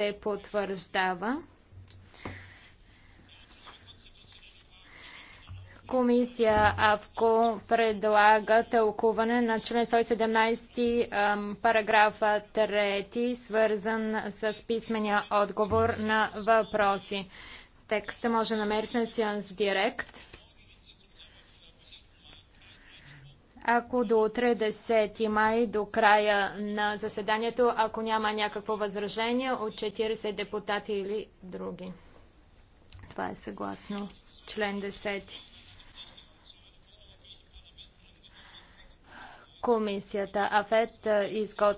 се потвърждава. Комисия АВКО предлага тълкуване на член 117 параграф 3, свързан с писмения отговор на въпроси. Текстът може да намери на Директ. Ако до утре 10 май, до края на заседанието, ако няма някакво възражение от 40 депутати или други. Това е съгласно член 10. Комисията АФЕТ изготвя